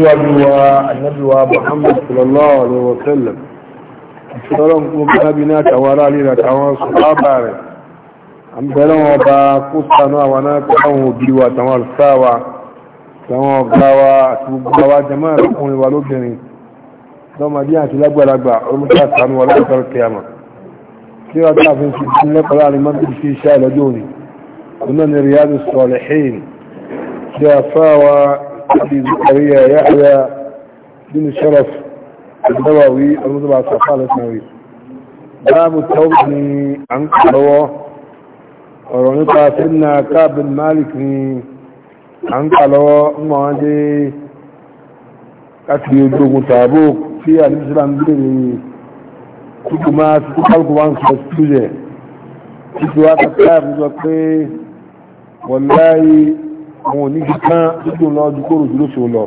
síwájú wa ànábì wa Muhammad sallallahu alaihi wa sallam ìṣọ́rọ̀n kó kábí náà tàwárá líra tàwọn sọ́bàbà rẹ̀ àbẹ̀rẹ̀ wọn bá kó sànú àwọn náà tàwọn òbí wa tàwọn alfáwa tàwọn ọ̀gá wa àti gbogbo wa jẹ́ máa rẹ̀kùnrin wa lóbìnrin lọ́mọdé àti lágbàlagbà olùkọ́ àtàwọn wọn lọ́sọ̀rọ̀ kẹyàmà أبي زكريا يحيى بن الشرف النووي المتبع الصفحة الثانوي باب التوبة عن قلوة ورنطة سنة كاب بن مالك عن قلوة مواجه أكل يجوك تابوك في الإسلام بني كما تتقلق وانس بسجة كما تتقلق وانس بسجة والله àwọn onígi kan lójú lọ dúkòrò dúró sí lọ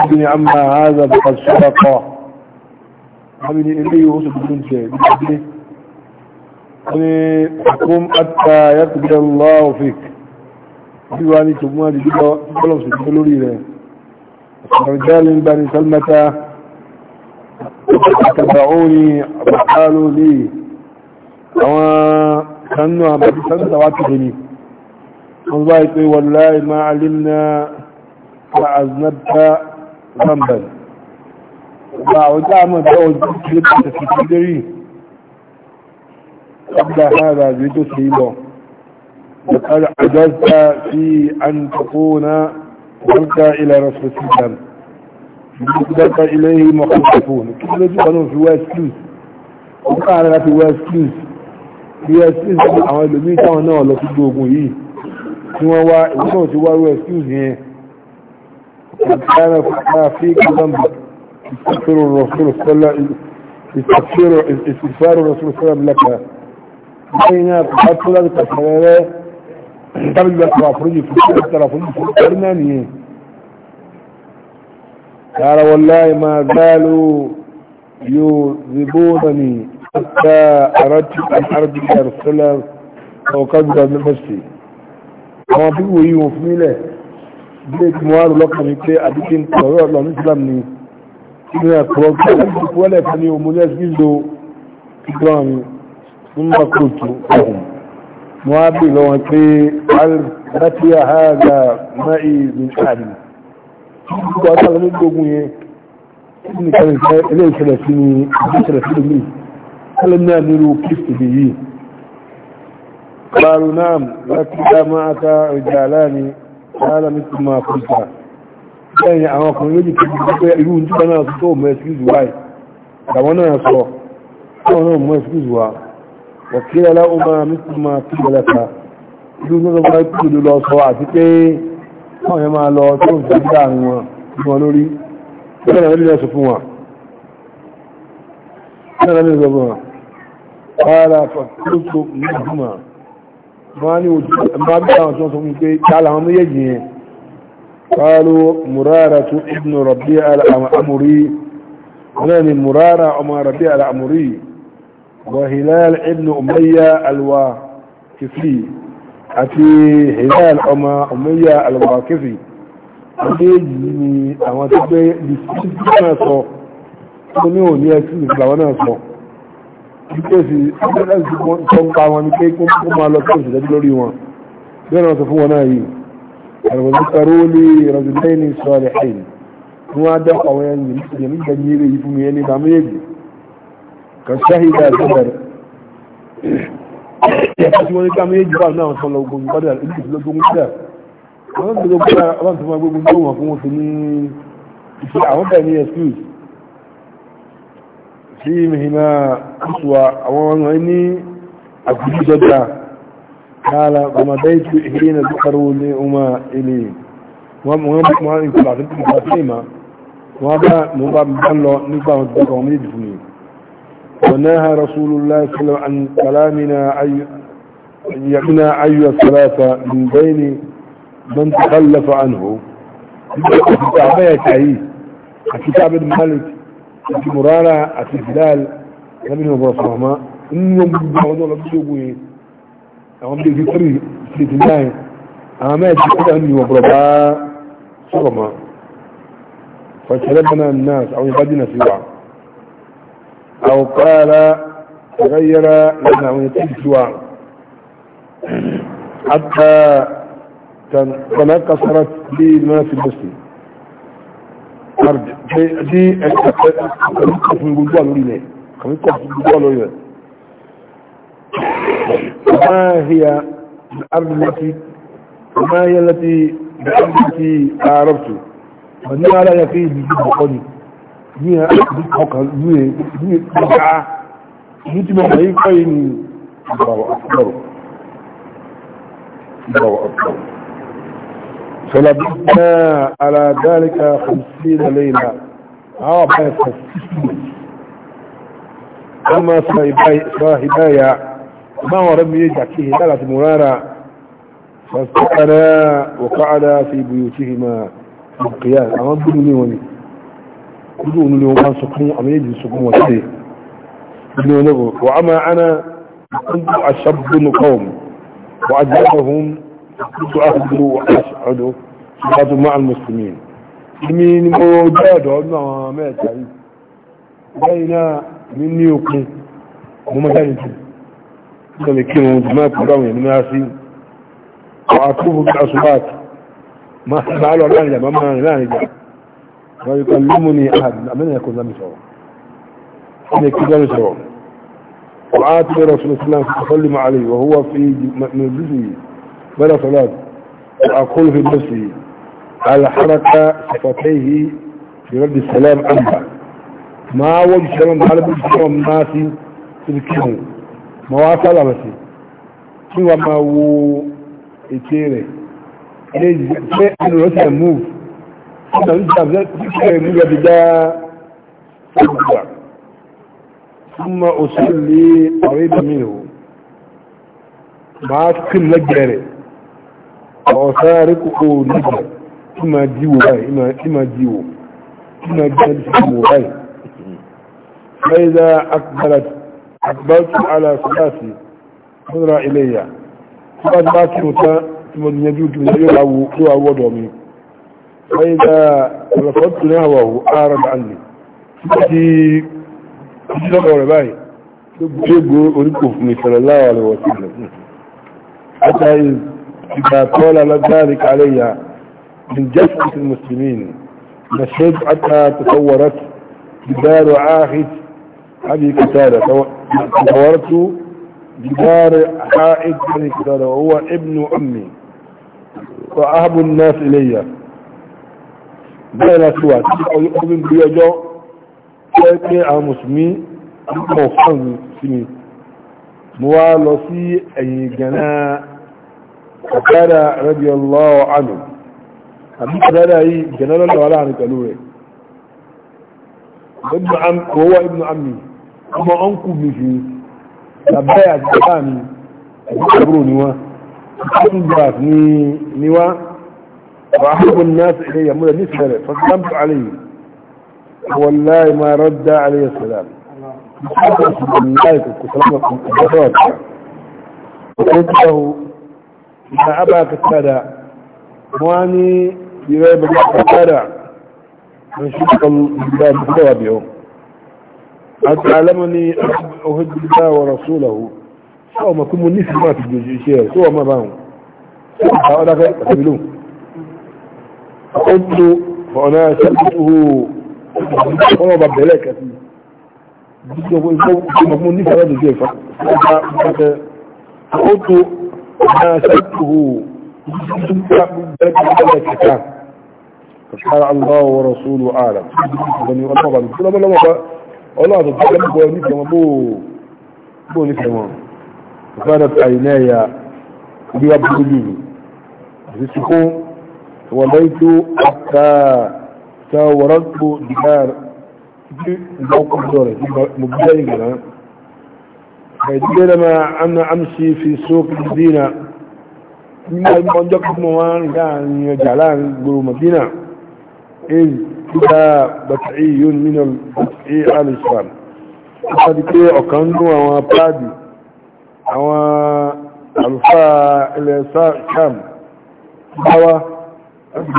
ọdún àmà àázà bàbá sọ́dà kọ́ àbí ní ilé yóò sọ tuntun jẹ dídé ní ọkùn àtà yàtúgbẹ́ lọ́ọ̀fík bí wàá ní tògùn àdìgbò bọ́lọ̀ sí tó lórí rẹ̀ ọ̀rọ̀jálì ń bá ní sálmẹ́ta àtàbàóní àbàkálò lè àwọn kanú àbàkálò wá ti dé ni والله والله ما علمنا فأذنبت ذنبا وقعد أعمل بأول ذكرة تتدري قبل هذا زيد سيبا وقد عجزت في أن تكون قلت إلى رسول الله بالنسبة إليه مخلصون كيف يجب في واسكيوز وقعنا في واسكيوز في واسكيوز أعمل بميتا ونالك الدوغو ييه tí wọ́n wá ìwọ́n náà ti won wa iwon ti waru excuse yẹn كان في ذنب استغفر الرسول صلى الله عليه استغفر استغفار الرسول صلى الله عليه وسلم لك قال والله ما زالوا يذبونني حتى أردت أن أرجع رسولا وقد من نفسي àwọn pípò yìí wọn fún ilẹ̀ bí i mọ́ àrùn lọ́kàn mi pé àdíkí ń tọ̀rọ̀ ọ̀lọ́ ní Islam ni inú ẹ̀kọ́ kí wọ́n ti fún ẹlẹ́fẹ́ ní omolẹ́ sízo kíkọ́ mi fún mọ́kòtò ọ̀hún wọ́n á bè lọ́wọ́ pé alátíyà hàgà máì ní àdì kíkọ́ sáré ní gbogbo yẹn kí nìkan ilé ìṣẹ̀lẹ̀ sí ni ìṣẹ̀lẹ̀ sí mi kálẹ̀ náà nílùú kristi yìí قالوا نعم وكذا معك رجالان قال مثل ما قلت يعني àwọn ọkùnrin méjì kìí pé irú nígbà náà tó tó mọ́ excuse why àwọn náà sọ àwọn náà mọ́ excuse wa wọ̀kílẹ̀ láwọ́mọ́ mísìlùmá tí ìgbẹ̀lẹ́ta irú nígbà wáyé kí ló lọ sọ àti pé wọ́n yẹ máa lọ tó ń fi ma ní ojú ma bí àwọn tó sọ pé kálà àwọn méjèèjì yẹn kálù murara tó ibn rabi al'amuri náà ni murara ọmọ rabi al'amuri wa hilal ibn umayya alwa kifi àti hilal ọmọ umayya alwa kifi méjèèjì ni àwọn tó gbé bí sí náà sọ tó ní òní ẹ̀sìn ìgbàwọ́ náà sọ ìkéèsì ìgbẹ́lẹ́sì tó ń pa wọn ní pé kó máa lọ kéèsì lẹ́bí lórí wọn bí wọ́n sọ fún wọn náà yìí ẹ̀rọ̀dún kẹrọ ní ìrọ̀dúnlẹ́ni sọ̀rọ̀ ẹ̀yìn tí wọ́n á dá àwọn ẹ̀yìn ìyẹn nígbà ní eré yìí fún mi ẹni ìdààmú èdè kan ṣáhìdá ìgbẹ́bẹ̀rẹ̀ ẹ̀ka tí wọ́n فيهما أسوى أولا إني أكد جدا قال فمديت حين ذكروا لأما إلي ومهم ما إن كنت أعطيت مفاتيما وهذا مباب بحلو نفاه الدكة ومن يدفني ونهى رسول الله صلى الله عليه وسلم عن كلامنا أي يقنا أيها الثلاثة من بين من تخلف عنه الكتابة يتعيه الكتاب الملك àti murara àti bilal lábínú ọ̀bọ̀rọ̀ sọ̀rọ̀má nínú gbogbo àwọn ọlọ́bí ṣogun yìí àwọn bí i three state nine àwọn mẹ́ẹ̀tì kúrò ní ọ̀bọ̀rọ̀ bá sọ̀rọ̀má فشربنا الناس او يبدنا سوا او قال تغير لنا او يتيج سوا حتى تنقصرت لي المناسب المسلم àrùbí tí ẹ̀kọ́ fún gbogbo àlórí rẹ̀ kàmíkọ̀ fún gbogbo àlórí rẹ̀ máa hìyà àrùbí láti máa yẹ láti àrùbí ti àrùbí wà ní ara yà fi ìdíjú ọkọ̀ ni ní àrùbí ọkọ̀ ní ẹ̀kọ́ ní ti mọ̀ yí kọ́ yìí ni ìgbàwọ̀ àkọ́rọ̀ فلبثنا على ذلك خمسين ليلة عابا آه، أما صاحبايا ما هو رب يجع فيه ثلاث مرارة فاستقنا وقعنا في بيوتهما القيام أما بدوني وني بدون لي وما سكون أما يجي سكون وشيء وعما أنا كنت أشب قوم وأجلبهم كنت أخذ وأشهد صلاة مع المسلمين من موجود عندنا ما تعيد بين من يوقي ومكان كده لكن ما كلام يعني ناسي وأكوب بالأصوات ما سمعوا الآن لا ما لا نجا ويكلمني أحد من يكون ذا مسوا من يكون ذا مسوا وآتي رسول الله صلى الله عليه وهو في مجلسه ولا صلاة وأقول في نفسي على حركة صفتيه برد السلام عنها ما وجه سلام على بلد سلام الناس تذكره ما وصل بس سوى ما هو إتيره ṣe ìrọ̀sẹ̀ move ọ̀nà ìjàbẹ̀ ìṣẹ́ ìmúgbà dídá ọgbà ثم أصلي ọ̀rẹ́bàmí منه máa kí lẹ́gbẹ̀ẹ́ rẹ̀ àwọn sáré kókó nígbà tí máa jíwò báyìí tí máa jíwò tí máa jíwò báyìí fẹ́ẹ́dá akbájú aláṣọ́láṣì múra iléyà tí bá bá kí mo tán tí mo níyànjú kí mo yóò wáwó tó wà wọ́dọ̀ mi fẹ́ẹ́dá ọ̀rọ̀fọ́tù náà wà ó ara إذا طال ذلك علي من جسد المسلمين مشهد حتى تصورت جدار عاهد أبي قتادة تصورت جدار عائد أبي قتادة وهو ابن أمي وأهب الناس إلي بين سوى أؤمن بيجو تأتي المسلمين أو خمس سنين mo wá lọ sí ẹ̀yìn gẹ̀nà وكان رضي الله عنه أبي هذا هي جنال الله ولا عن قالوا ابن عم وهو ابن عمي أما أنكو بشي لبايا جباني أبرو نوا أبرو جباس نوا وأحب الناس إليه مدى نسهل فسلمت عليه والله ما رد عليه السلام بسم الله السلام عليكم وقلت له يا أبا كتادة واني يريد كتادة نشوف الله بكرة بيوم أتعلمني أهد الله ورسوله سوى ما كم النسي ما تجوزي شير سوى ما باهم فأنا قبلوه فقلت فأنا سألته قرب بلاك فيه مضمون نفسه هذا الجيل فقلت ما سألته فقال الله ورسوله أعلم بني الله بني الله بني الله تتكلم بني كما بو بني كما فقالت عيناي ليبدلني رزقهم وليت حتى ساورت ديار موقف دوري مبدئي بينما أنا أمشي في سوق المدينة من يمجك موان كان جعلان قلو مدينة إذ كتا بطعي من البطعي على الإسلام فقد كي بادي وابادي وعلفاء إلى شام هو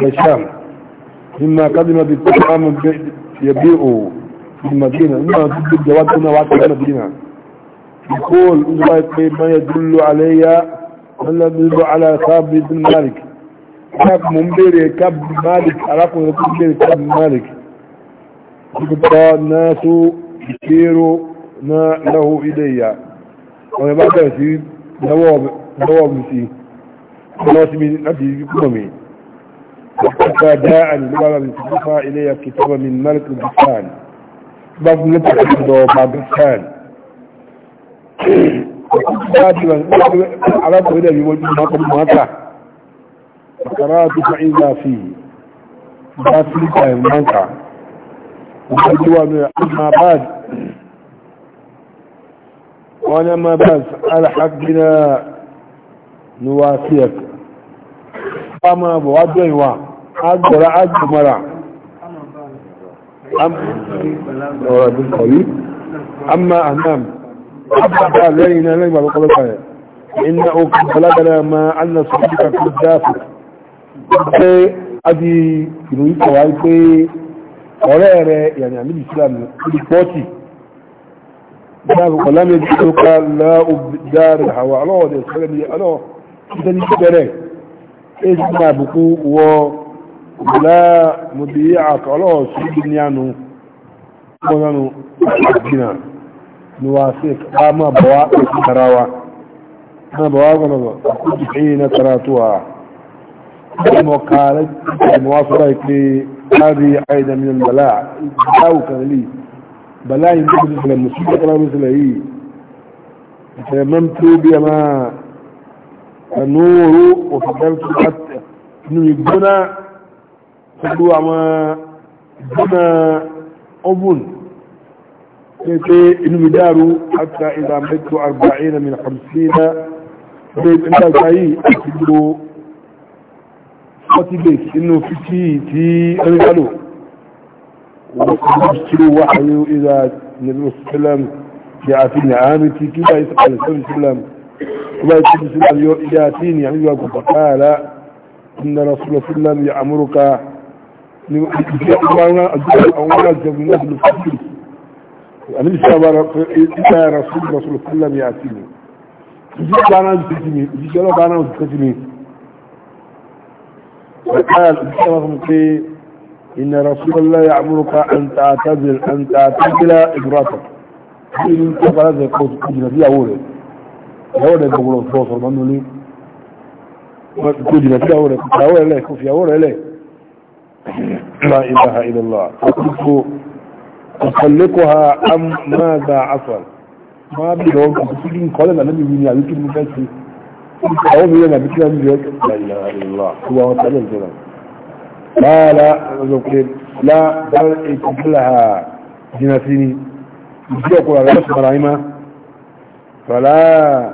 إلى شام مما قدم بالتقام يبيعوا في المدينة مما تجد جواد كنا وعد المدينة يقول ما يدل علي من يدل على ثابت بن مالك كاب منبري كاب مالك عرفوا يقول كاب مالك يبقى الناس يشيرون له إلي ويبقى يسير نواب نواب مسيح خلاص من أبي قومي حتى جاءني لما من تدفع إلي كتاب من ملك البستان باب نتحدث بعد الثاني على طريقة يوجد مكة فقرات فإذا فيه لا تلك المنكة وقدوا من أما بعد وأنا ما بس الحق بنا نواسيك أما بوضعي وعن أجل أجل مرة أما بالقريب أما أهنام أبدا لينا لما بقول لك إنه بلغنا ما أن صديقك الدافع pé adi ìròyìn kan wáyé pé ọ̀rẹ́ rẹ̀ yàní àmìlì islam ní pọ́tì dáàbùkọ̀ lámì ẹjọ́ tó ká láàbùdáàrì àwọ̀ alọ́ọ̀dẹ̀ sọ́rẹ́ mi alọ́ títẹ́ ní bẹ̀rẹ̀ èyí نواسيك أما بواقع تراوا اما بواقع نظر كنت حين تراتوها وقالت المواصلة هذه عيدة من البلاء أو كان لي بلاء يمكن مثل المسيح كما مثل هي تيممت بما النور وفجرت حتى انه يبنى فدوا ما بنى أبن إنه داروا حتى إذا مت أربعين من خمسين بيت أنت سعي أتبرو فتبس إنه فتي تي رجلو وقبشتروا وحيه إذا النبي صلى الله عليه وسلم جاء في نعامتي كما يسأل صلى الله عليه وسلم كما يسأل صلى الله عليه وسلم يأتيني يعني يقول فقال إن رسول الله صلى الله عليه وسلم يأمرك أن أولا جبناه الفتيس أنا إذا رسول رسول كل ما يأتيني جيت أنا وزكتني جيت أنا فقال إن رسول الله يأمرك أن تعتزل أن تعتزل إبراتك إن تقرأ ذي قوس كجنة في أوله يقول الصوصر منه لي كجنة في أوله أوله لا يكون في أوله لا إله إلا الله فقلت أطلقها أم ماذا عصر ما بيدون كتير قال أنا بيجيني على كل مكان أو بيجينا بكلام جد لا إله إلا الله هو تعالى الجلال لا لا زوجين لا بل كلها جناسيني يجيك على غير برايمة فلا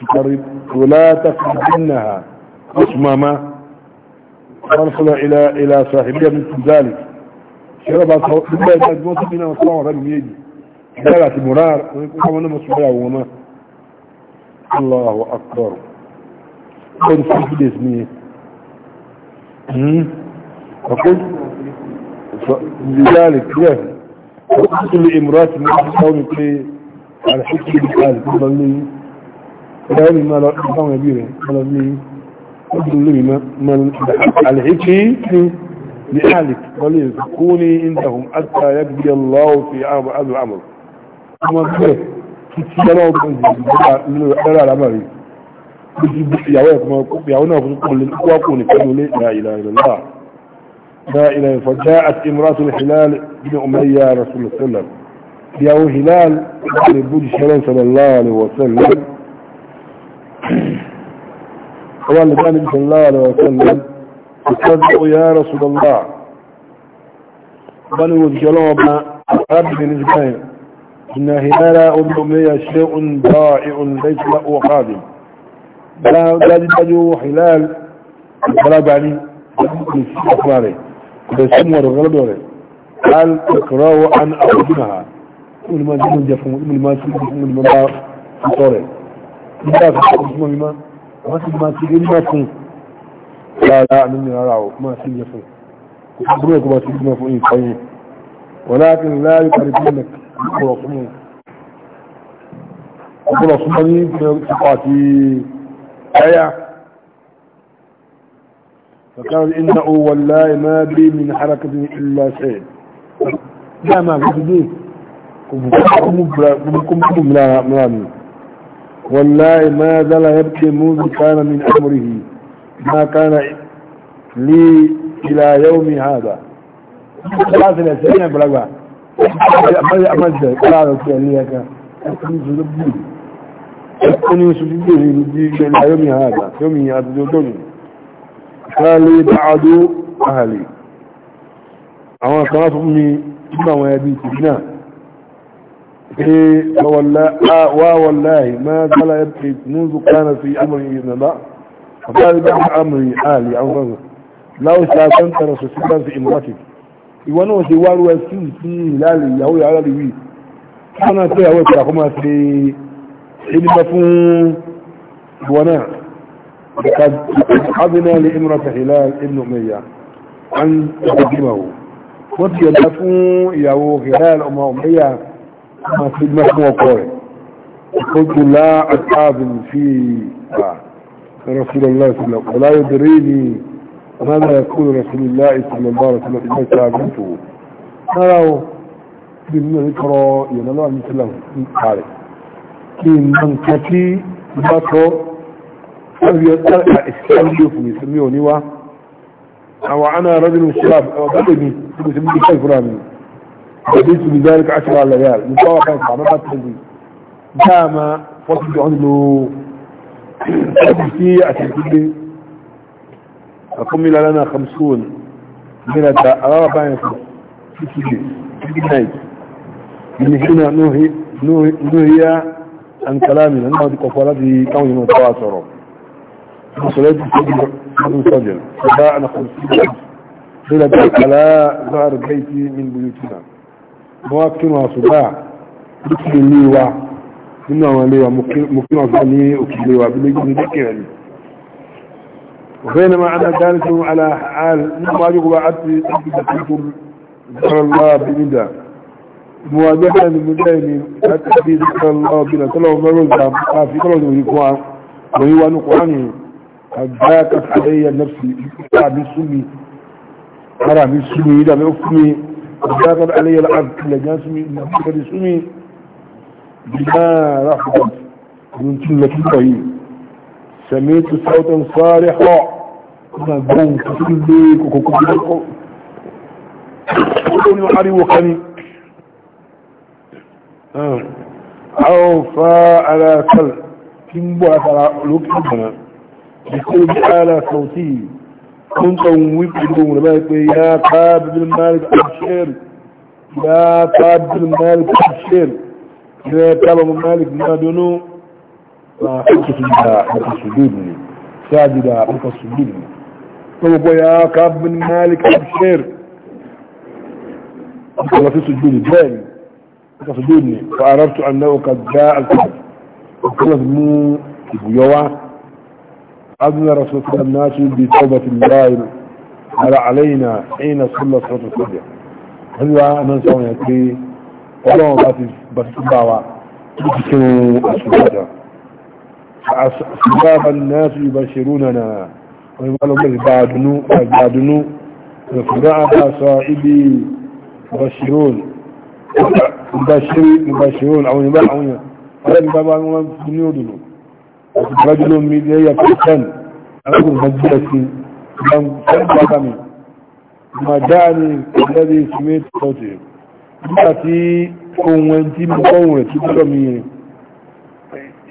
تقرب ولا تقربنها اسمع ما وارسل إلى إلى صاحبها مثل ذلك ṣẹ́rọ̀bá sọ gbogbo ẹgbẹ́ tí wọ́n tún ní náà sọ́wọ́n rẹ̀ méjì ìdára àti morar wọn náà sọ bẹ́ẹ̀ wọn náà Allahu akbar ọdún fífi days ní ọkùn ìyáàlì kílẹ̀ ọkùn tó lè ìmúrátì ní ọdún sọ́wọ́n pé àlàfíkì ìlú káàlì لأهلك قليل تكوني عندهم حتى يقضي الله في هذا الأمر ثم كيف تتسلوا بأنزل الأمر يا فسقهم للأقوى قالوا لي لا إله إلا الله لا إله فجاءت امرأة الحلال بن أمية رسول الله صلى الله عليه وسلم يا هلال لبوج الشلال صلى الله عليه وسلم قال النبي صلى الله عليه وسلم تصدق يا رسول الله بل أقرب من إسماعيل إن هلالا أمي شيء ضائع ليس له قادم بلا بلاد تجو هلال غلب علي أخباري بسم ورغلب وري قال اقرأوا عن أخذنها من ما جنون جفهم من ما سيدهم من ما فطوري إذا فطوري ما ما سيدهم ما فطوري لا مني ولكن لا يقربونك يقول صمون في ثقاتي آية فقال إنه والله ما بي من حركة إلا شيء لا ما بي والله ما زال يبكي منذ كان من أمره ما كان لي إلى يوم هذا ثلاث الأسئلة بلغوا أمزل قرار السئلية أكوني سجده إلى يوم هذا يومي هذا دوني لي بعد أهلي أما كانت أمي إما ويبيتي بنا إيه والله آه، ما زال يبكي منذ كان في أمره إذن الله هذا يبقى عمري حالي او غيره لا استاذنت رسول الله في امراتك وانو سوار واسكين في لالي يهوي على الوي انا سيها وكي اخو ما في حين مفهوم وانا قد حضنا لامرة هلال ابن امية عن تقدمه وفي مفهوم يهو هلال ام امية ما في المفهوم وقوي قلت لا اتعاب في آه. رسول الله صلى الله عليه وسلم ولا يدريني ماذا يقول رسول الله صلى الله عليه وسلم إذا سألته نرى بمن ذكرى الله عن الله عليه كي من كتي بطر يسميه يسميه نوا أو أنا رجل شاب أو بدني يسميه كيف رامي بديت بذلك عشر ليال مطابقة مطابقة دام فصل عنده في أتحدي أقمل لنا خمسون من الأربعة في كده من هنا نهي عن كلامنا أنه دي قفالته كون من التواصر وصلت الصدر من صدر فباعنا خمسين على ظهر بيتي من بيوتنا مواكنها صباح بكل لي nínú àwọn ilé wa mú kí wọ́n wa bílé gbogbo dẹ́kẹ̀rẹ̀ ni وبينما أنا جالس على حال مواجهه يقبع عدتي أجل ذكر الله بندا مواجهة المدين أتبي ذكر الله بنا تلو مرزا في تلو ذكوان وهو نقرانه أبداك علي نفسي أبي سمي أرى من سمي إذا ما أفمي أبداك علي الأرض لجاسمي نفسي سمي بما رفضت من كلمة الطيب سميت صوتا صارحا كنا بون تسليك وكوكوكوكو كلوني وحري وقني عوفا آه. على كل تنبو على لوكتنا بكل بحالة صوتي كنت ويبدون بيك يا كاب المالك مالك الشير يا كاب المالك مالك الشير كلام مالك ما دونه فسجدني ساجدا فسجدني فهو يا كعب بن مالك ابشر قال في سجودي جاني فسجدني فعرفت انه قد جاء الفجر وكلت مو بيوا أذن رسول الله الناس بتوبة الله على علينا حين صلى صلاة الفجر هذا أنا سوف يكفي ọlọ́run bá ti bàtúbà wa tó ti kí wọn àṣùgbàdà àṣùgbàbà náà sí ibà ṣerú nànà wọn bá lọ bẹ̀rẹ̀ gbàdúnú ìfúnná àbáṣọ ibi bàṣíròn àwọn ìbá àwọn yàn ọlọ́run bá bá wọn fi ní òdùnú àti gbájúlò mi lẹ́yà kìtàn alákùnrin bá jílẹ̀ sí ìbá ń fẹ́ bá mi ما دعني الذي سميت صوتي nígbà tí ohun ẹni tí mo kọ́ ohun rẹ̀ tí gbọ́dọ̀ mi rẹ̀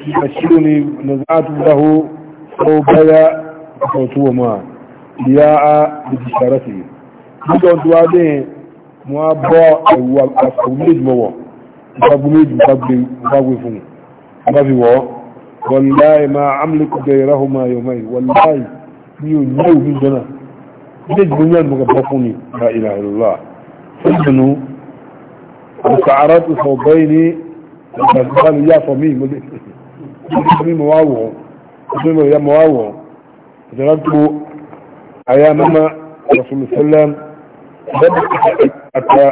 ìgbàṣírò ni nàzáàtú dáhó ọ báyá ọ̀tọ̀ ọmọ à ìyá a ìdí sàrẹ́ sí nígbà tó wá dé mo á bọ́ ẹ̀wù àfọwọ́ mọ́wọ́ ìgbàgbọ́ méjì fún un المكعرات وحبيني المكعرات يا فميم فميم مواوه فميم يا مواوه فجربت أيام أما رسول الله صلى الله عليه وسلم أتى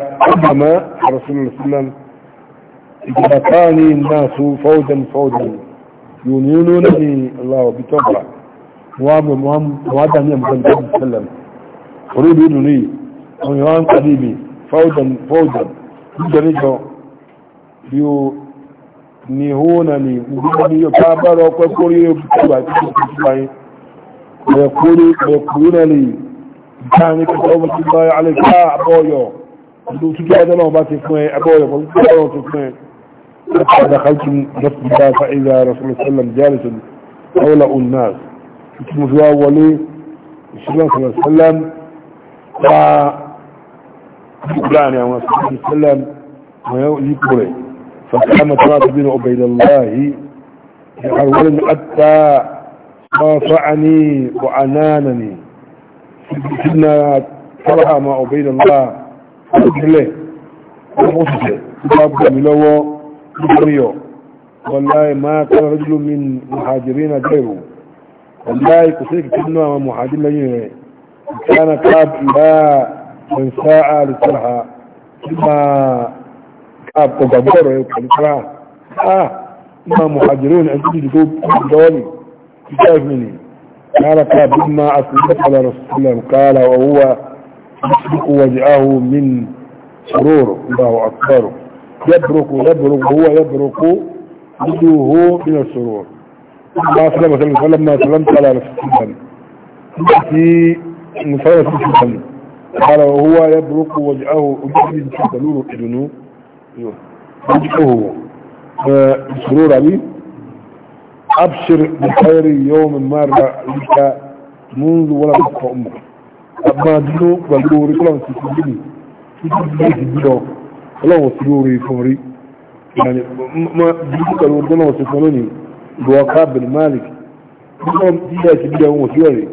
أما رسول الله صلى الله عليه وسلم إجراتاني الناس فوجا فوجا ينونني الله بتوبة مواد مواد يا محمد صلى الله عليه وسلم قريب ينوني ويوان قديمي فوجا فوجا níjọ́níjọ́ bí ó ní hóónà ní gbogbo ní ọ̀ká bára ọpẹ́ kórí ọgbà tí ó ti fà yí ẹ̀kúrí ẹ̀kúrínà lè já ní kẹta ọmọ tí wọ́n رسول الله جالس حول الناس اسمه في صلى الله عليه وسلم بلاني أو صلى الله عليه وسلم ويقول فقام ثلاث بين أبي الله يقول حتى صافعني وعنانني سيدنا صلح ما أبي الله أقول له أقول له أقول له والله ما كان رجل من محاجرين غيره والله كثير كنا محاجرين كان كاب لا من ساعة لسرعة ما كاب وقبور يوكل سرعة آه ما محاجرون عندي جدوب دولي كيف مني قال كاب ما أصلت على رسول الله قال وهو يسبق وجعه من سرور الله أكبر يبرك يبرك هو يبرك وجهه من السرور ما أسلم صلى الله ما سلمت على رسول الله في مصارة في قال وهو يبرق وجهه أجهز تدلول إذنه أيوه. وجهه بسرور عليه أبشر بخير يوم مر لك منذ ولا تبقى أمك أما دينه بلوري كلهم تسجلني تسجلني بلو كلهم وسلوري فمري يعني ما دينه بلوري كلهم وسلوري بوقاب المالك كلهم تسجلني بلو وسلوري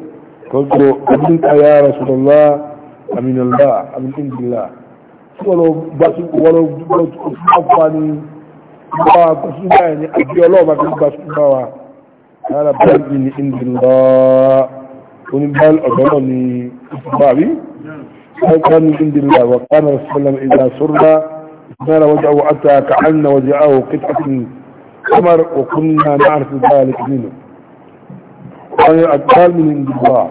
قلت له أبنك يا رسول الله àmìnà ńlá àmìnà ńlá tí wọ́n lọ gbá sùkú wọ́n lọ gbọ́ ọ̀fà ní bá a kó sùn báyìí ní àbí ọlọ́ọ̀bá tó gbá sùkú bá wa lára báyìí ní ìdí ńlá oníbàálì ọ̀dọ́ ní ìfúbàbí وكان من عند الله وقال رسول الله وسلم إذا سرنا نال وجهه أتى كأن وجهه قطعة قمر وكنا نعرف ذلك منه وقال من عند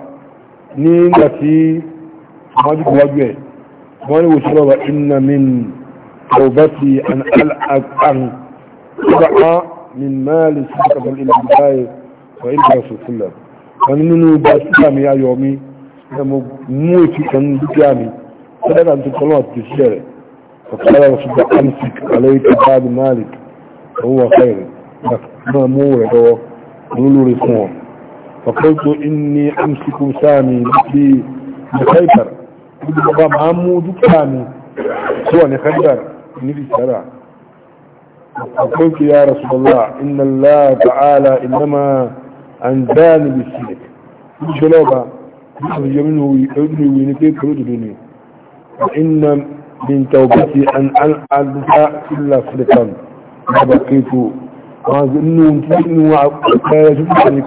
nígbà tí wájúwájú ẹ̀ wọ́n ni wòṣìlọ́ wa inna min tawbati an al'adhan saba'a min mali sadaqatan ila bisaye wa ila rasulullah wọ́n ni nínú bá síkà mi ayọ̀ mi ẹ̀ mo mú èkì kan dúkìá mi sadaka بعد مالك وهو خير ما مو رجوه قولوا لي فقلت إني أمسك سامي في بخيبر بابا محمود سامي سوى خيبر نبي سرع فقلت يا رسول الله إن الله تعالى إنما أنزاني بالسلك جلوبا يخرج منه يؤذني وينكي تردني وإن من توبتي أن ألعب إلا صدقا ما بقيت ما ظنوا أنه أكثر يجب أن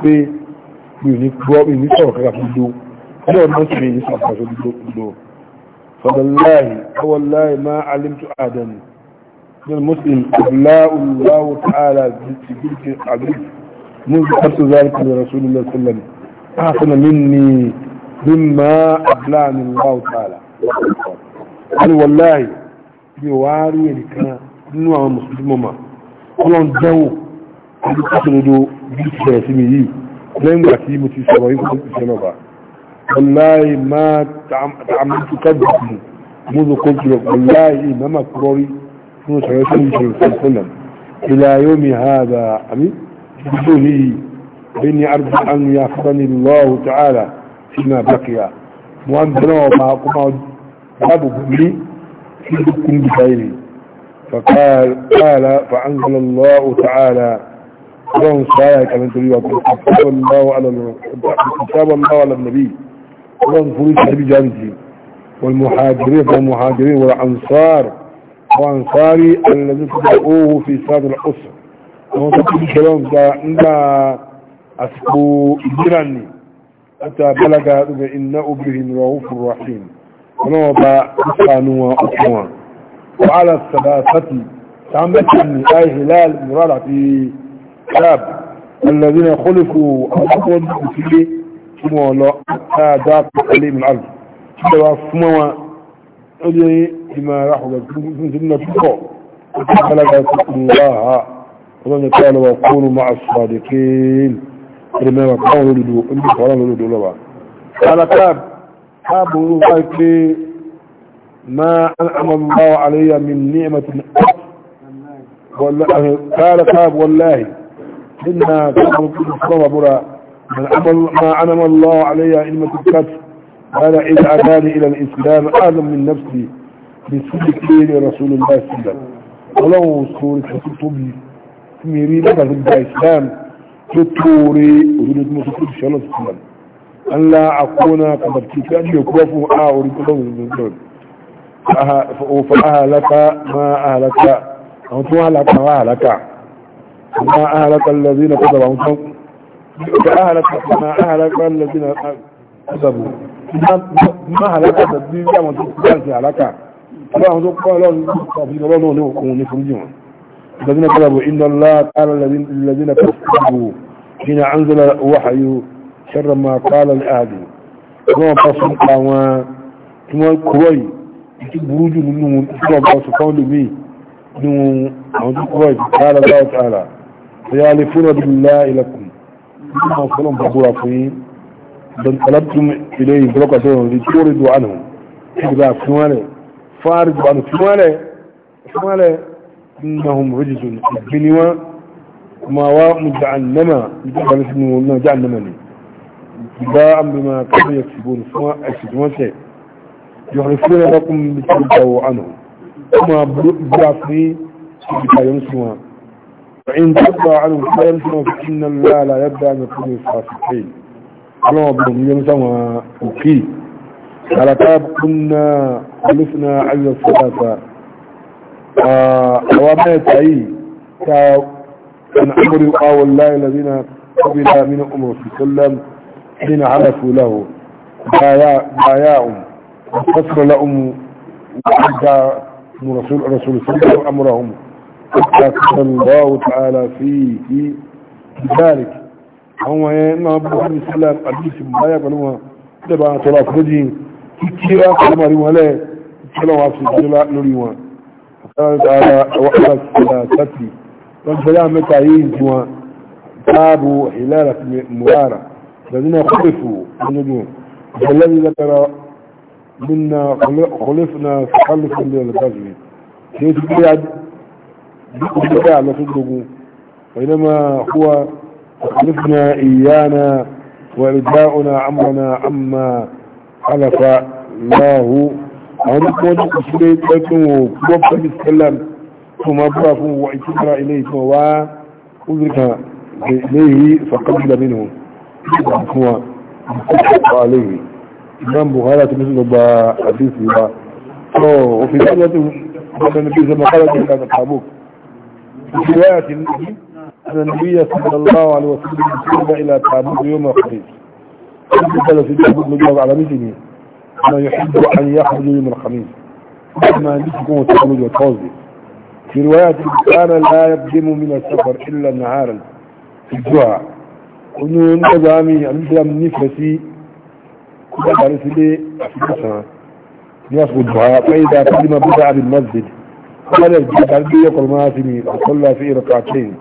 mi ò ní gbọ́ mi ní sọ̀rọ̀ kára fi gbó ní ọdún mọ́sí mi ní sọ̀rọ̀ kára fi gbó fọdọ̀láì awọláì máa alimtu adam ní muslim abúláwùláwù ta'ala bíkì abid منذ قبل ذلك لرسول الله صلى الله عليه وسلم أحسن مني مما أبلعني الله تعالى لين غاتي متي سوي كو با والله ما تعملت كذب منذ قلت والله ما مكروي شنو سويت في الفلم الى يوم هذا امين بدوني بني ارجع ان يحفظني الله تعالى فيما بقي وان بنوا ما كما ابو بني في كل فقال قال فانزل الله تعالى اللهم سبحانه كمان تريد كتاب الله على كتاب الله على النبي اللهم فريد النبي جانسي والمهاجرين والمهاجرين والأنصار وأنصاري الذين تدعوه في ساد الأسر اللهم تقول كلام عند أسكو إجراني حتى بلغ إن أبرهم رؤوف رحيم ونوع بأسانوا وأسانوا وعلى الثلاثة تعمل آي هلال مرارة في الكتاب الذين خلفوا أصلا فيه ثم لا أعداد ذاق من الأرض كتاب ثم أجري بما راحوا من ثم تقع فلقى الله ومن قال وقولوا مع الصادقين لما وقعوا لدو إنه فرام لدو لبا قال كاب كاب ذلك ما أنعم الله علي من نعمة قال كاب والله إنا كتب الصلاة برا من عمل ما أنم الله عليها علمة الكتب قال إذا أتاني إلى الإسلام آدم من نفسي بسلك لي رسول الله صلى الله عليه وسلم ولو سورة حسن ميري لك في الإسلام تطوري وجدت مصطفى صلى الله عليه وسلم أن لا أكون قد ابتكاني وكوفه آوري كلهم من دون فأهلك ما أهلك أنتم تهلك ما أهلك ما أهلك الذين كذبوا فأهلك ما أهلك الذين كذبوا ما أهلك الذين كما تقول في علاقة فأهلك قال الله نقوم نفرجهم الذين كذبوا إن الله تعالى الذين كذبوا حين أنزل وحي شر ما قال الأهدي وما قصوا قاما ثم الكوي بروج منهم ثم قصوا قولوا بي نمو أهلك قال الله تعالى فيالفون بالله لكم ما صلهم بابورا فيه بل طلبتم إليه بلوك أسرهم لتوردوا عنهم إذا فمالي فارجوا عنهم فمالي فمالي إنهم رجز الدنيا ما واء جعلنما جعل اسمه جعلنما باء بما كانوا يكسبون فما أكسبون شيء يحرفون لكم بتوردوا عنهم وما بلوك بلوك فيه سبحانه فإن تبع عنهم خير فإن الله لا يبدأ أن يكون الفاسقين رابهم يمسوا وكي على تاب كنا خلفنا عز الصلاة آه، ومات أي كان أمر يقاوى الله الذين قبل من أمر عليه وسلم حين عرفوا له باياهم وقصر لهم وعدى رسول رسول الله عليه وسلم أمرهم أكثر الله تعالى فيه في ذلك هو ما أبو عليه السلام أبيس مبايا قلوها تبع طلاف رجين كتيرا قلما رمالي كلام عفسي جلاء نريوان قال تعالى وحدة ثلاثتي والسلام متعين جوا تابوا حلالة مرارة الذين خلفوا النجوم الذي ذكر منا خلفنا تخلفا من الغزو بدع لصدقه وإنما هو تخلفنا إيانا وإبداؤنا أمرنا عما خلف الله أن يكون إليه لكم وقبض بالسلام ثم أبراه واعتبر إليه ثم أدرك إليه فقبل منه هو عليه إمام بغالة مثل حديث وفي ذلك النبي صلى الله عليه وسلم قال لك في رواية أن النبي صلى الله عليه وسلم سلم إلى تابوت يوم الخميس فقال في تابوت من على مثله انه يحب أن يخرج يوم الخميس ما نسكم وتخرج والتوزي في رواية كان لا يقدم من السفر إلا نهارا في الجوع كنوا نظامي يسلم نفسي كنت أعرف لي أفكسها يصبح الدعاء فإذا قدم بدعة بالمسجد قال الجلبي يقول ما فيني فصلى في ركعتين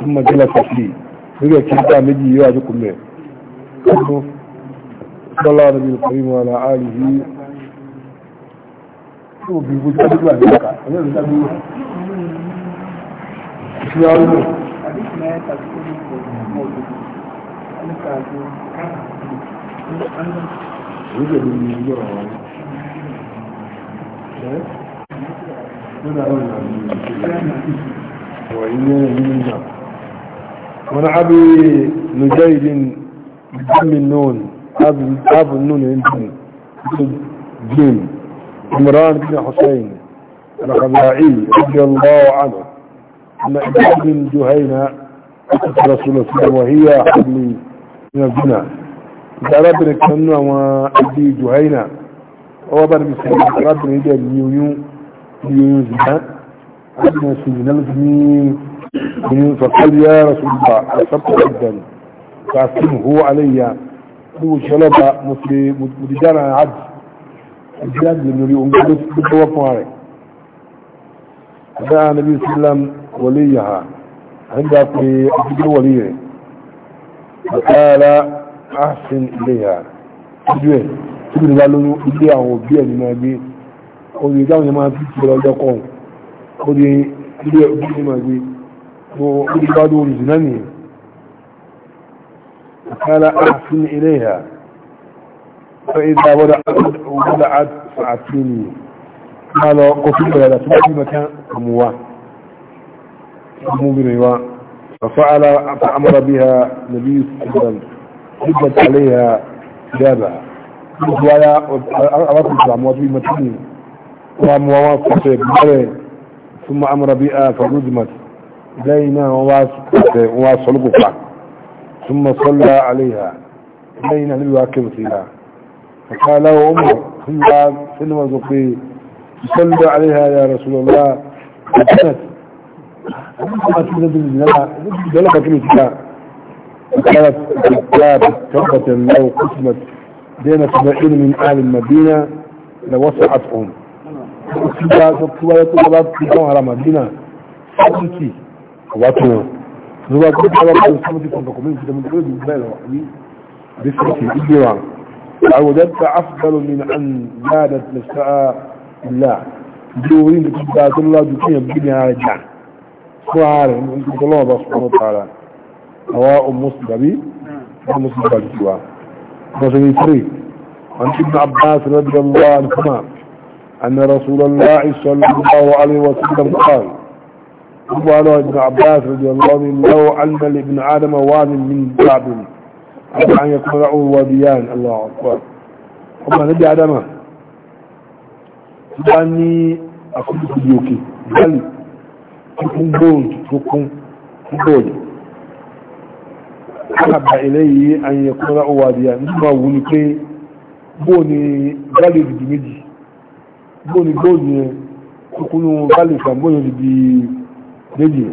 ثم جلس فيه بقى كنت مجي يواجهكم له صلى الله النبي الكريم وعلى آله Thank you. وانا ابي نجيد بدم النون اب النون يمكن جيم عمران بن حسين الخزاعي رضي الله عنه ان ابن جهينه اتت رسول الله وهي حبل من الزنا قال ربنا كانوا ابي جهينه هو بن مسلم ربنا يجي يونس بان أنا سيدنا لجني يونس فقال يا رسول الله أصبت عبدا فأسلمه علي هو شلب مدجان عن عبد الجاد لم يريد أن يقول بالتوقع عليه دعا النبي صلى الله عليه وسلم وليها عندها في أجل وليه فقال أحسن إليها تجوين تجوين قالوا إليها وبيا لما بيه orí ìdáhùn yẹn máa fi ti lọ lọ́kọ̀ orí ilé ọdún ní máa gbé mo orí bá dún orí zìnà nìyẹn kala ahsin ilayha fa idha wada wada at fa'atini ma lo ko fi bala da tuba ma kan kamuwa mu bi ne wa fa fa'ala fa amara biha nabi sallallahu alaihi wasallam alaiha daba wala abatu zamu wa bi matini ومواقفه بره ثم امر بها فردمت لينا وواصلقك ثم صلى عليها لينا للواكب فيها فقال له في ثم في زقي صلى عليها يا رسول الله فكانت فقالت كتابة توبة لو قسمت بين سبعين من أهل المدينة لوسعتهم ó ti bá sọ tó wáyé tó bá ti bá ara màdínà fásitì àwa tó wọn ló bá gbé bá bá sọ́mọ́tì kan kọ̀ọ̀kan mẹ́rin fìdí mẹ́rin fìdí bẹ́ẹ̀ lọ àbí àbí fìdí ìgbé wa àwọn ọ̀dẹ́ ta afdal min an yáda tilasta ilá ìdí orí ní ti bá tó lọ́dún kí yẹn bí ní ara jà fún ààrẹ ní ìtọ́lọ́wọ́ bá sọ́mọ́ tààrà àwa ọmọ sùgbàbí ọmọ sùgbàbí tiwa. Bọ́sẹ̀ ní 3 عن ابن عباس رضي الله عنهما أن رسول الله صلى الله عليه وسلم قال أبوان ابن عباس رضي الله عنه لو علم لابن آدم واد من بعد قبل أن يقرأه وديان الله أكبر أما نبي آدم أني أقول يوكي. بل تكون بوج تكون بوج أحب إليه أن يقرأه وديان ثم ولكي بوني غالي بجمجي bóni góòlù yẹn kúkúrú bálì kan bóyá ti di dédì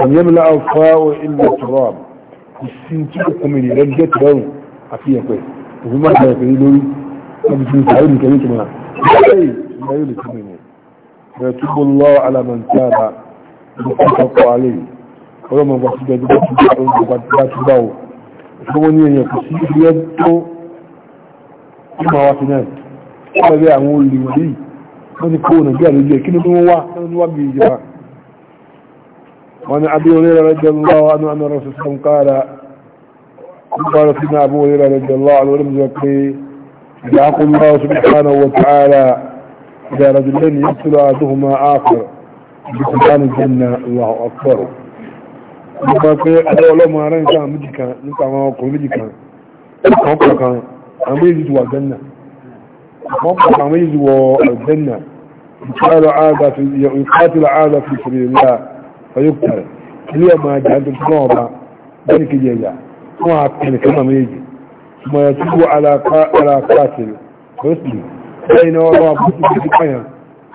ẹ̀mí yẹn mìíràn àwòfá ilẹ̀ tọrọ ìsìn tí ó kún mi nìyẹn jẹ́ tọrọrùn àti ẹ̀pẹ́ òbí má jẹ́ ẹ̀pẹ́ lórí ọmọ tuntun sàárè nìkan ní tìmọ̀ lẹ́yìn ìgbà yóò lè tún mi nìyẹn bẹ̀rẹ̀ tó bó lọ́ alamọ̀ntàbà ní kọ́kọ́ kọ́ alẹ́ yìí ọlọ́mọ bá ti bẹ̀rẹ̀ bá ti bá wọ́n ti kó nàìjíríà lójú ẹ̀ kí ni wọ́n wá níwájú ìjọba وعن ابي هريره رضي الله عنه ان الرسول صلى الله عليه وسلم قال قال سيدنا ابو سبحانه وتعالى اذا رجلين يقتل احدهما اخر بسلطان الله اكبر gbogbo ẹgbẹ́ ọlọ́mọ ara ń sáà méjì kan nípa àwọn ọkùnrin méjì kan ọkùnrin kan àwọn يقاتل عادة في يقاتل عادة في سبيل الله فيقتل اليوم ما جعلت الصوبة ذلك جيجا ما عقل كما يجي ثم يتوب على على قاتل ويسلم بين الله بسم في قيا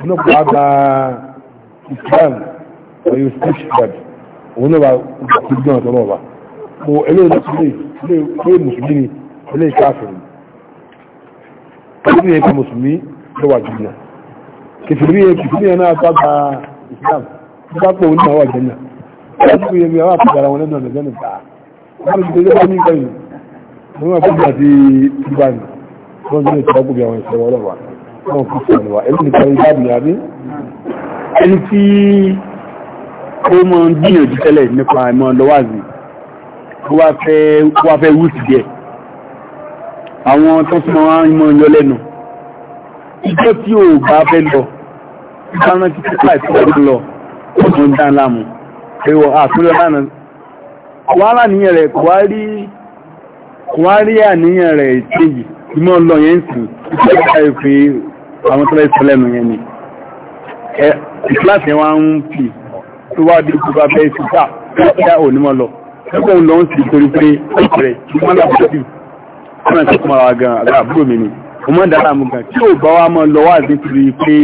نقع على الإسلام ويستشهد ونبع تبدون طلبة وإليه نسلي إليه مسلمين إليه كافر إليه كمسلمين لواجبنا kìfìrí yẹn kìfìrí yẹn náà pápá islam pápá òun náà wà jẹ́nà láti fi yẹmi àwọn àpàdàrà wọn lẹ́nu ọ̀nàjẹ́nà ta wọ́n ti tẹ́lẹ̀ bá ní nǹkan yìí wọ́n máa kúbi àti ìgbà ní wọ́n ti lè tọ́ kúbi àwọn ìṣẹ́ wọn lọ́wọ́ wọn kú sí ọ̀nà wa èmi ní kan ìgbà bìí àbí. ẹni tí ó mọ gbìyànjú tẹ́lẹ̀ nípa ìmọ̀ lọ́wọ́àzì wá fẹ́ wúùsì díẹ̀ àwọn tó súnmọ́ wọn mọ̀ ń yọ lẹ́nu ìjọ tí ò bá fẹ́ lọ ìdáná ti títà ìtọ́jú lọ ọdún dán láàmú ẹwọ àtúnlọ lánà wàhálà níyàn rẹ̀ kò wá rí àníyàn rẹ̀ ìtẹ́yì ìmọ̀ lọ yẹn sì ìtọ́jú ìpè àwọn tọ́lá ìsọlẹ́nu yẹn ni ìkíláàsì wa ń fi tó wá dé kó bá bẹ́ẹ̀ síta kíá onímọ̀ lọ ẹgbẹ́ òun lọ ń sì torí pé ọ̀rẹ́ ìmọ̀lá bọ́ọ̀dù ọ̀nà tó kọ́ mọ́ra gan àgbà àbúrò mi ni ọmọ ìdára mú gan tí ò bá wá mọ́ lọ wá sí torí pé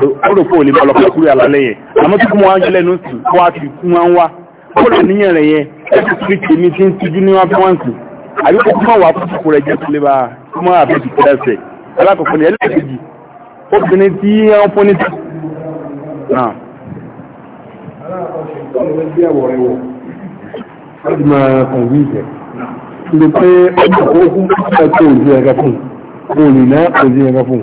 ó rò pé ò lè bọ́ lọ́pàá kúrò àlálẹ́ yẹn àmọ́ tí kún wọn jẹ́ lẹ́nu sí wọ́n á ti kún wọn wá ó rà níyàn rẹ̀ yẹn ẹ̀sùn sí tèmi tí ń tijú ní wọn fi wọn sùn àbí kó kúmọ̀ wà fún kúrẹ̀ jẹ́ tó lè bá kúmọ̀ àbẹ́jì tó ẹsẹ̀ alákọ̀ọ́kọ́ ni ẹlẹ́ẹ̀kejì obìnrin tí wọ́n fún ní tí. Ọdún máa kàn wí ìjẹ́. Ilé pé ọjọ́ òkú ẹ̀kọ́ òjì ẹ̀kọ́ fún. Olè náà òjì ẹ̀kọ́ fún.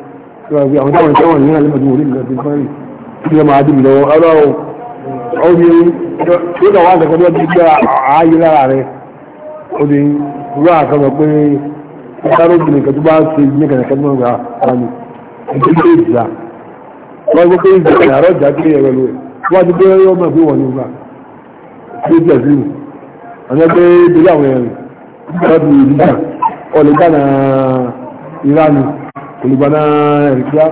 ìwàgbé àwọn táwọn ìtẹ́wọ̀n ní alẹ́mọ̀dé orí nǹkan ti fárí kí ló máa dìbò lọ́wọ́ ara o ọdún yìí tí ó kà wá àtẹ̀kọ́ bí gbé ààyè lára rẹ̀ ó di rúra àkàmọ̀ pé sáré ògùn nìkan tó bá ṣe ní kẹ̀kẹ́ tó máa gbà wà ní ìdílé ìjà wọ́n gbé pé ìjà ìyàrá ìjà kí ẹ̀rọ lóye wọ́n ti gbé ọmọ ìgbé wọ̀ ní ìgbà tí ó jẹ̀ sí mi àwọn ẹgbẹ́ ìdílé àwọn ẹ̀rìn wọ́n ti ìdíjà ọ̀lẹ́gbà náà ìránì olùgbàna ẹ̀rìkíá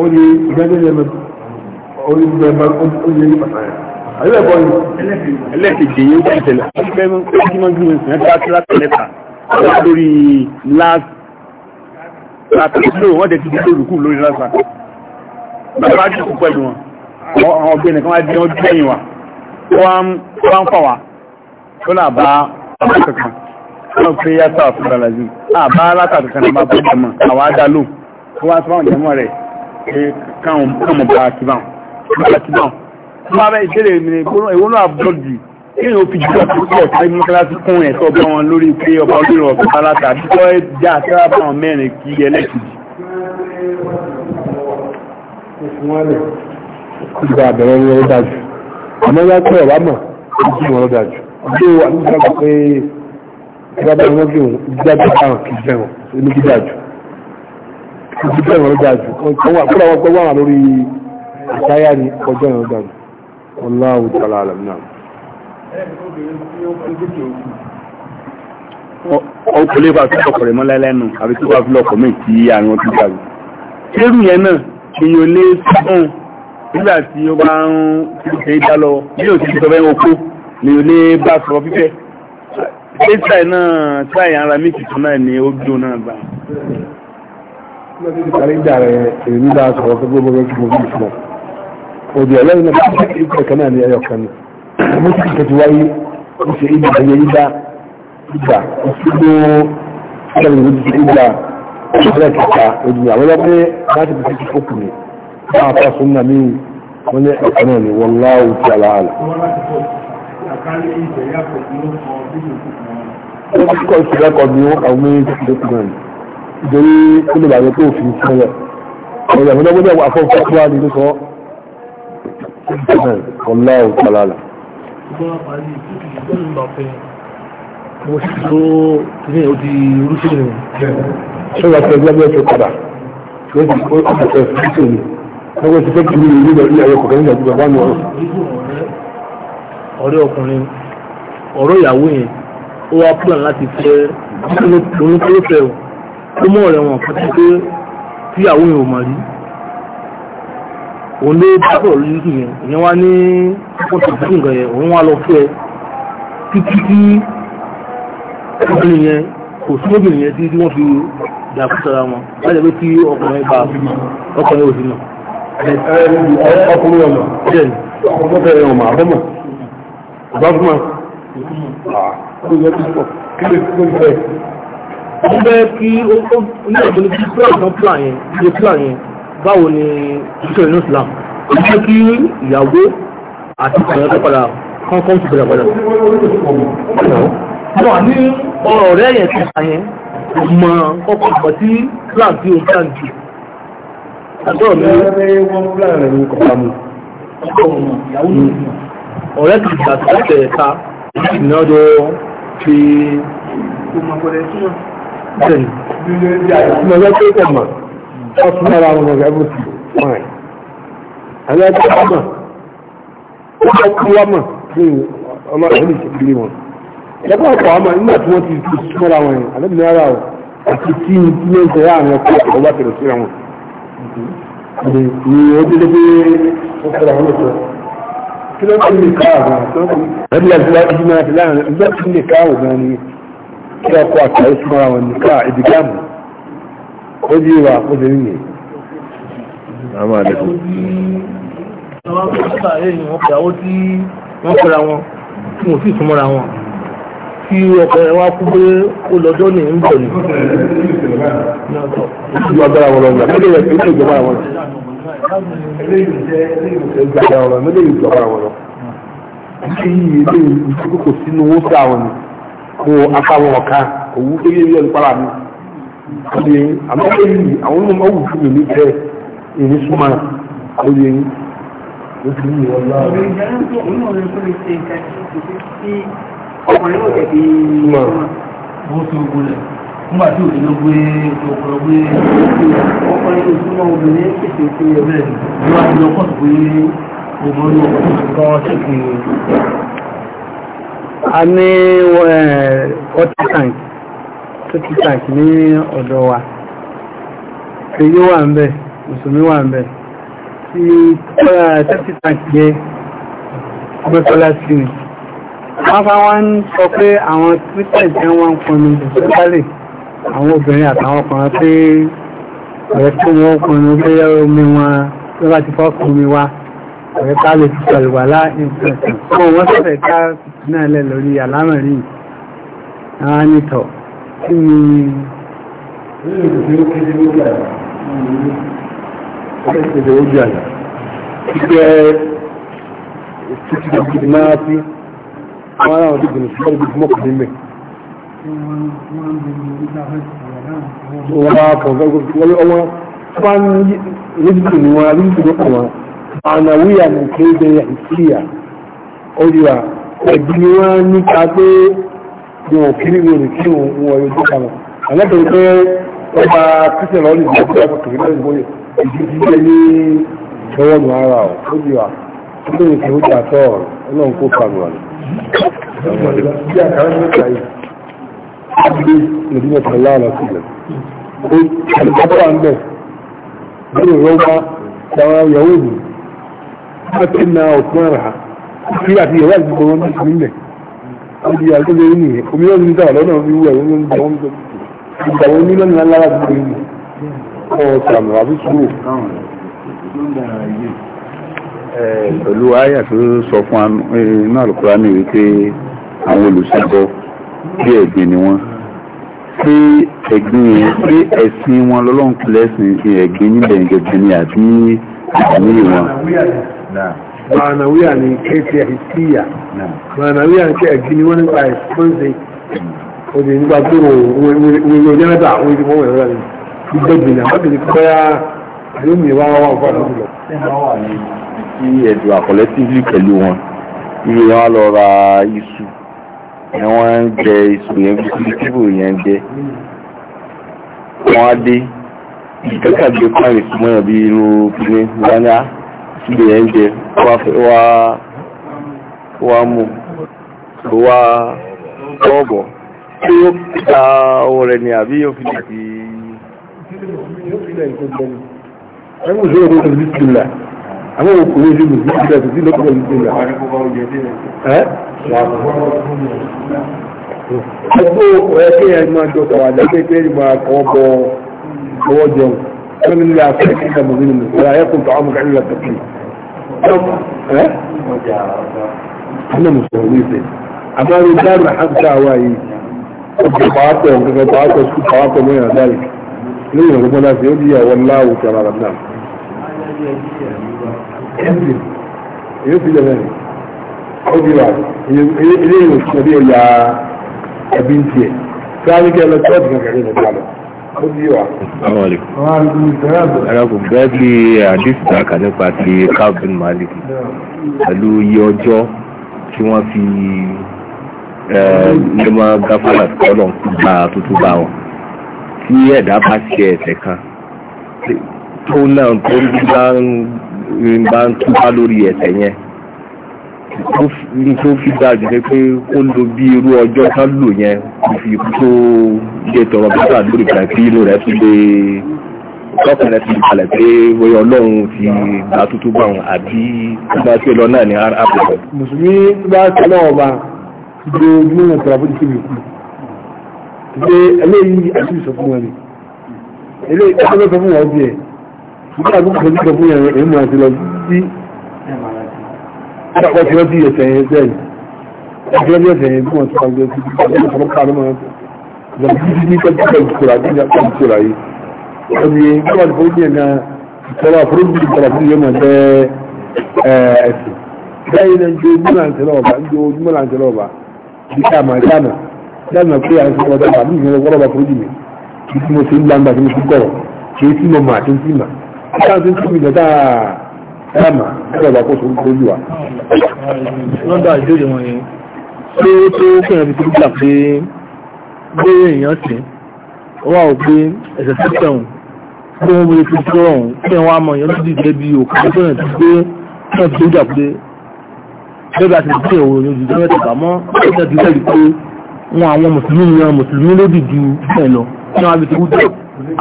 ó ní ìgbẹ́jẹ́ ẹlẹ́kẹ̀ẹ́jẹ́ yóò kí tẹ̀lẹ̀ ọdún gbẹ́mọ́ tíráta lẹ́ta lórí láti lórí wọ́n dẹ̀ ti dúró rùkú lórí lásà bàbá jù púpọ̀ ẹ̀dùn wọn àwọn ọgbẹ́ nìkan wá dín ọdún ẹ̀yìn wa wọ́n ń fà wá tó là bá ọdún kankan wọ́n pé yàtọ̀ àfúrà làzí àbá látàkàkàn àbá bọ́ọ̀dà mọ̀ àwọn adá lóhùn wọ́n wá síbáwọn jẹ́mọ́ rẹ̀ káwọn bá síbáwọn bá síbáwọn wọ́n wá bẹ́ ìṣẹ́lẹ̀ mi ní ìwọ́n náà bọ́ọ̀dù kéèyàn fi jùlọ tó pọ̀ sáré mọ́kálásí fún ẹ̀ tọ́ bí wọn lórí pé ọba olórí ọ̀pọ̀ aláta tó já sára báwọn mẹ́rin kí ẹlẹ́kìdì ìgbà àbẹ̀rẹ̀ ní ọ̀rọ̀ dájú àmọ́ yá pé ọ̀rọ̀ àmọ̀ ìjì ọ̀rọ̀ dájú ọjọ́ wà nígbàgbọ́ pé ìgbàgbọ́ ọmọ bí òun ìgbàgbọ́ àwọn kìí fẹ́ràn ní dájú ojú bẹ́ẹ̀ wọ́n ga jù ọwọ́ àkúrà wọn pẹ́ wà lórí àtayá ni ọjọ́ yẹn ga jù Allahu ta'ala alam náà. ọkùnrin bá tún ọkọ̀ rẹ̀ mọ́ lẹ́lẹ́nu àbí tó bá fi lọ́kọ̀ mí tí àrùn ọtún ga jù. kérù yẹn náà èèyàn lé sọ́hún nígbà tí ó bá ń ṣe é dá lọ bí yóò ti sọ bẹ́ẹ̀ oko èèyàn lé bá sọ̀rọ̀ fífẹ́. ṣé tíì náà tíì ara mi kìtù náà ni ó gbóná gbà lọ́dún ti kàlẹ́ńdà rẹ̀ èyí ní bá a sọ̀rọ̀ gbogbo gbogbo gbogbo gbogbo ìfọ̀ òdì ọlọ́run náà kí ṣe ìgbà kan náà ní ẹyọ kan ní mo ti kẹ̀kẹ́ ti wáyé ó ṣe ìgbà ẹyẹ ìgbà ìgbà ìṣúgbó ìṣẹ̀lẹ̀ ìwé ti ṣe ìgbà ìṣẹ̀lẹ̀ kẹta òdì àwọn ọlọ́pẹ́ láti fi ṣe fókù ní bá a fà sún nàmí wọn ní ẹ̀kọ́ náà ní wọn láwù ti àlàálà. wọ́n ti kọ́ ìṣẹ̀lẹ̀ kan ní àwọn méjì tó kù ìdórí kó lè bàjẹ́ tó fi fún rẹ̀ ọ̀rọ̀ ìfọ́nà gbọ́dọ̀ wà fún fún wa ní ló sọ ọ̀la òtàlà rẹ̀. mo sì tó ní odi rúṣì rẹ̀ ṣé wàá tẹ̀lé ẹgbẹ́ ẹ̀fẹ́ padà ṣé ó ti fẹ́ fi ṣe ni lọ́wọ́ ti fẹ́ kí mi ní ilẹ̀ ẹ̀yọ kọ̀ọ̀kan nígbà gbogbo àwọn ọ̀rọ̀. ọ̀rẹ́ ọkùnrin ọ̀rọ̀ ìyàwó yẹn ó wá plan láti fẹ́ ó mọ̀ rẹ̀ wọn kan tí pé tíyàwó yẹn ò mọ̀ rí òun ló bá bọ̀ lójú yẹn ìyẹn wá ní wọ́n ti dùn nǹkan yẹn òun wá lọ fún ẹ títí tí obìnrin yẹn kò sí obìnrin yẹn títí wọ́n fi dàkú sára wọn láti pé tí ọkùnrin bá ọkùnrin ò sí mọ̀. ọkùnrin ọmọ ọkùnrin ọmọ àbọmọ ọba fún wa. kí ló ń fẹ́ ń bẹ́ kí ó ní ọ̀dọ́ ní plan kan plan yẹn ṣe plan yẹn báwo ni iṣẹ́ inú Islam ó jẹ́ kí ìyàwó àti ìṣẹ̀yẹ́ tó padà kán kán tó padà padà. Àwọn àní ọ̀rọ̀ rẹ̀ yẹn ti sàn yẹn kò ọkọ̀ ìgbà tí plan tí o plan jù. Àgbọ̀ mi. Ọ̀rẹ́ kìí gbà tó ṣẹ̀ka ìnáwó fi. Kò mọ̀ pẹ̀lẹ́ lọ́jọ́ tó kọ̀ mọ̀ wọ́n fún ara wọn lọ́jọ́ bó ti wọ́n rẹ̀ àwọn ẹgbẹ́ wọn mọ̀ wọ́n kọ́ wọn mọ̀ ní ọmọ ìlú ìṣèkiri wọn ẹgbẹ́ ọ̀pọ̀ wọn mọ̀ nígbà tí wọ́n ti sún ara wọn yẹn àlẹ́ bìnrin ara wọn àti tí ní tí àwọn ọkọ̀ ọ̀pọ̀ bá tẹ̀lé síra wọn kí ọkọ àtàrí súnmọ́ra wọn nìkà ìdígàmù ó di ìwà àkójọ nìyẹn. Àwọn àdéhùn. Àwọn akọ́ṣà ẹ̀yìn wọn fìyàwó tí wọ́n fẹ́ra wọn tí wọ́n sì súnmọ́ra wọn. Tí ọkọ ẹ̀ wá kú pé ó lọ́jọ́ ní ń bọ̀ ni. Ìjọba agbára wọn lọ́gbà. Mẹ́lẹ̀ rẹ̀ kì í ṣe ìjọba àwọn ọ̀rọ̀. jẹ́ ìgbàgbà ọ̀rọ̀. Mẹ́lẹ̀ àwọn ọ̀rọ̀. Ìṣèyí eléyìí kò sínú owó kó afáwọn ọ̀ka òwú tó yé yẹ nípa mi ọdún yẹn àmọ́ èyí àwọn ọmọ ọwọ́ fún mi níbẹ̀ èyí súnmọ́ ọdún yẹn ó ti yí wọn náà. ọkùnrin náà tẹ̀lé ìmọ̀ bó tó gbólẹ̀ nígbà tí òde ló gbé ọkùnrin gbé ọkùnrin tó súnmọ́ obìnrin tètè tó yẹ bẹ́ẹ̀ ni wọ́n á ti lọ kọ́ọ̀tù pé òun ló kọ́ ṣèkì a ní eh, water tank títí tank ní ọ̀dọ̀ wa èyí wà ń bẹ̀ mùsùlùmí wà ń bẹ̀ tí títí tank yẹ ọgbẹ́kọ́lá sí ni wọ́n fá wọ́n sọ pé àwọn christian tí wọ́n ń ìsẹ́kálẹ̀ àwọn obìnrin àtàwọn ọkùnrin pé ọ̀rẹ́ tí wọ́n pọnmi pé omi wọn lọ́ba ti fọ́ wa ọ̀rẹ́ ká lè fi ṣàlùwàlá nǹkan tó wọ́n sọ̀rọ̀ ká náà lẹ̀ lórí àlámọ̀rí àwọn nìtọ̀ kí ni ìpínlẹ̀ ojú àyà ìgbẹ́ títí ìgbìdì máa fi wọ́n ara wọn dìgbìdì sí ọdún ìgbìmọ̀ kò nílẹ̀ mànàwíyà ní kéde ìsíyà olùwà ẹ̀bí ni wọ́n níta pé wọn ò kiri wọn ní kí wọn wọ ojú kama àlẹ́bẹ̀rẹ̀ pé ọba kristian lọ́ọ̀lì ní ọjọ́ ọkọ̀ kìrì lọ́ọ̀lì bóyá ìdí jíjẹ ní ọwọ́ nù ara ọ̀ olùwà ó lè kí ó jà tọ́ ọ̀rọ̀ ọlọ́run kó fa nù ọ̀rọ̀ Nàìjíríà tó láàrín sílẹ̀. Ó kàlùkọ́ bọ́ à ń bẹ̀. Bẹ́ẹ̀ ni wọ́n bá ṣàwọn yahoo àtúnà ọ̀tún ara sí àti ìyàwó àti ìgbòho ní ìlú ilẹ̀ àti ìyàwó tó lé ní omi náà ní dáwà lọ́nà wíwú ẹ̀ wọ́n ń bọ̀ wọ́n ń bọ̀ ìgbà wọn ní lọ́nà lára ti gbé ní ọ̀sàmù àbí sùúrù. pẹ̀lú àyà tó sọ fún iná àlùkùrá ní wípé àwọn olùṣàbọ̀ bí ẹ̀gbìn ni wọ́n pé ẹ̀gbìn yẹn pé ẹ̀sìn wọn lọ́lọ́run kìlẹ̀ ẹ̀sìn ẹ̀gbìn nílẹ̀ ẹ̀gbìn ni àbí àmì wọn ma'anawiya ne kai ce hissiya ma'anawiya ne kai gini wani ba ya sponsor o de nígbà tó rò wíwọ jẹ́ mẹ́ta àwọn ìdìbò wọ̀nyí rẹ̀ ní gbẹ̀gbẹ̀ náà wọ́n bẹ̀rẹ̀ kọ́ ya yóò mi wá wá wà lọ́wọ́ lọ. kí ẹ̀dùn àkọlẹ́ tí ìlú pẹ̀lú wọn iye wọn lọ ra iṣu ni wọ́n ń jẹ iṣu yẹn bí kí tíbù yẹn jẹ wọ́n á dé ìkẹ́kẹ́ gbé kọ́ ìsúnmọ́ yẹn bí irú pínlẹ̀ wọ́n á lèyàn jẹ wá mú wá ọ̀bọ̀ tí ó kíta ohun rẹ̀ ni àbí yóò fi lè fi ẹgbẹ́ òṣèré ọdún ọdún bísílá àwọn òkúrò ìlú bísílá tó sí lọ́pọ̀ ìlú bísílá ẹgbẹ́ ẹgbẹ́ ẹgbẹ́ ọjọ́ tàwàdà pé pé ìgbà kan bọ ọwọ́ jẹun ẹgbẹ́ nílé afẹ́ ìgbà mọ̀mí nìmọ̀ ẹ̀yà ẹkùn tàwọn mọ̀kànlá tẹ̀kùn أنا مستهدفين اما رجال حق دعوائي وقطعاته وقطعاته وقطعاته وما ذلك ليه ربنا في يدي والله ترى ربنا يمكن يمكن لمن خذي بعد ليه مش نبيه يا بنتي ثاني قال لك تفضل كده تعالى gẹ́gẹ́ bí àdìsí ìtàkà nípa ti calvin malik pẹ̀lú iye ọjọ́ tí wọ́n fi lọ́mọ gáfàlà kọ́lọ̀ gba tuntun bá wọn tí ẹ̀dá bá ṣe ẹ̀ṣẹ̀ kan tó náà tó ń bá ń túbá lórí ẹ̀ṣẹ̀ yẹn tó fi dáa jù pé kó lo bí irú ọjọ́ tá lò yẹn kò fi tó lè tọrọ bí sáà lórí ìgbà tí inú rẹ̀ fi lè tọ́kàn rẹ̀ fi balẹ̀ pé wọ́n ọlọ́run ti gbà tuntun bá wọn àbí tó bá ṣe náà ní àpòpọ̀. mùsùlùmí tó bá ṣe lọ́wọ́ gbogbo nínú ìtura bó ti ṣe mi kú gbé eléyìí àti ìsọfún wọn ni eléyìí tó sọ fún wọn bí ẹ nígbà tó ọ̀pọ̀ tí wọ́n bí ẹ̀sẹ̀ yẹn bẹ́ẹ̀ ọ̀pọ̀ tí wọ́n bí ẹ̀sẹ̀ yẹn bí wọ́n ti máa ń gbé sí ọ̀pọ̀ tí wọ́n kà lọ́mọ ẹ̀sẹ̀ ìdàgbàsí ní pẹ́ẹ́tì pẹ́ẹ́tì kura bí ní apá ìtura yìí ọ̀nì ìjọba ti fún yẹn náà ìtọ́lá fúrúbì ìtọ́lá fún yẹn máa jẹ́ ẹ̀sìn báyìí náà ń jẹ́ ojúmọ̀ àǹtẹ̀ lọ́ọ̀bà ń jẹ́ ojúmọ̀ àǹtẹ̀ lọ́ọ̀bà bí káàmà káàmà dáàmà pé à ń sọ ọ̀dà bàbí ìyẹn wọ́n lọ́ba fúrúbì mi kí tí mo ṣe ń gbangba tí mo ṣe kọ̀rọ̀ kí tí mo mà tí ń tì mà ẹ̀mà ẹ̀dọ̀gbà kó sórí kó yíwa. lọ́dọ̀ àjòyè wọn yìí pé ó tó kẹ́yìn fi gbà pé gbére èèyàn sí wà ó pé ẹ̀sẹ̀ sẹ́sẹ̀ ọ̀hún pé wọ́n wọlé fi tó ọ̀hún kí wọ́n á mọ èèyàn lójú ìgbẹ́ bí òkú tó yẹn ti gbé kí wọ́n ti gbà pé bẹ́ẹ̀ bá ti gbé ìwò òyìn òjijì mẹ́ta bá mọ́ ẹ̀sẹ̀ ti lẹ́rìí pé wọn àwọn mùsùlùmí yan mùsùlùmí lódì ju bẹ́ẹ̀ lọ kí wọ́n á fi ti wú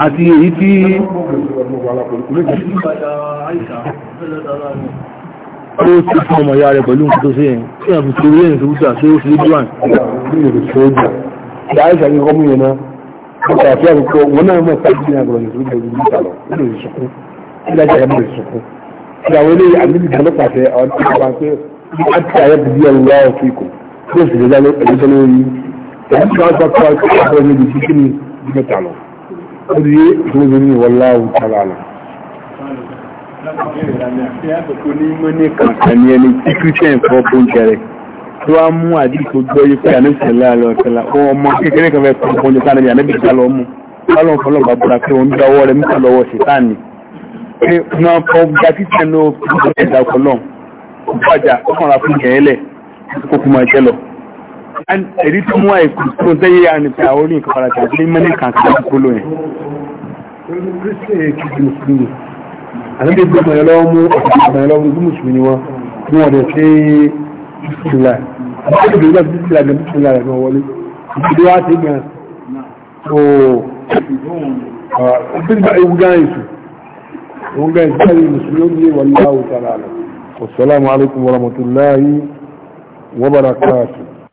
àti èyí tí ó ti fún ọmọ ìyá rẹ̀ pẹ̀lú nǹkan tó sí yẹn tí a fi tó rí ẹ̀yìn tó wúta ṣe ó fi lé dúwàn ní ìlú tó ó jù ṣe àìsàn ní ọmọ yẹn náà ó kà fí àkókò wọn náà mọ̀ sáà sí àgbọ̀n ìlú tó jù níta lọ nínú ìsìnkú ilé ajá ẹ̀mọ́ ìsìnkú ṣe àwọn ilé àmìlì kan pàṣẹ ọdún tó wà pé a ti àyẹ̀ bí ẹ̀rù kò ní mọ́ ní kàǹkà ní ẹni tí christian fọ́ bóúnjẹ rẹ̀ tó wá mú àdìsó gbọ́ yí pé ànábìsẹ̀ láàrọ̀ ọ̀tẹ̀lá ọmọ kékeré kan fẹ́ fọ́ bóúnjẹ ká nàbí ànábì ìgbà lọ́mú ọlọ́run fọlọ́ bá búra pé òun dáwọ́ rẹ̀ mítà lọ́wọ́ ṣètáàní pé wọ́n kọ́ gba títẹ̀ ní ọkọ̀ ẹ̀dá ọkọ̀ náà kò bàjá ó kàn ra fún gẹ̀ẹ́lẹ̀ kó kó máa jẹ́ lọ. ẹ̀rí tó mú àìkú tó tẹ́yẹ àníkà orí nǹkan farajọ ní mẹ́rin kàǹkà lọ́wọ́ àlejò gbọmọ yẹn lọ́wọ́ mú ọ̀sán gbọmọ yẹn lọ́wọ́ mú mùsùlùmí ni wọn bí wọn lè ṣe bísílà àbúrò ìgbà ìgbà bísílà gan bísílà rẹ̀ gan wọlé ìdílé wa ti gan o ọ̀pínpá ewu gan èso ewu gan èso báyìí mùsùlùmí ó ní wàlúwà òtàlà rẹ̀ wasalaamu alaykum wa rahmatulahi wa barakatuh.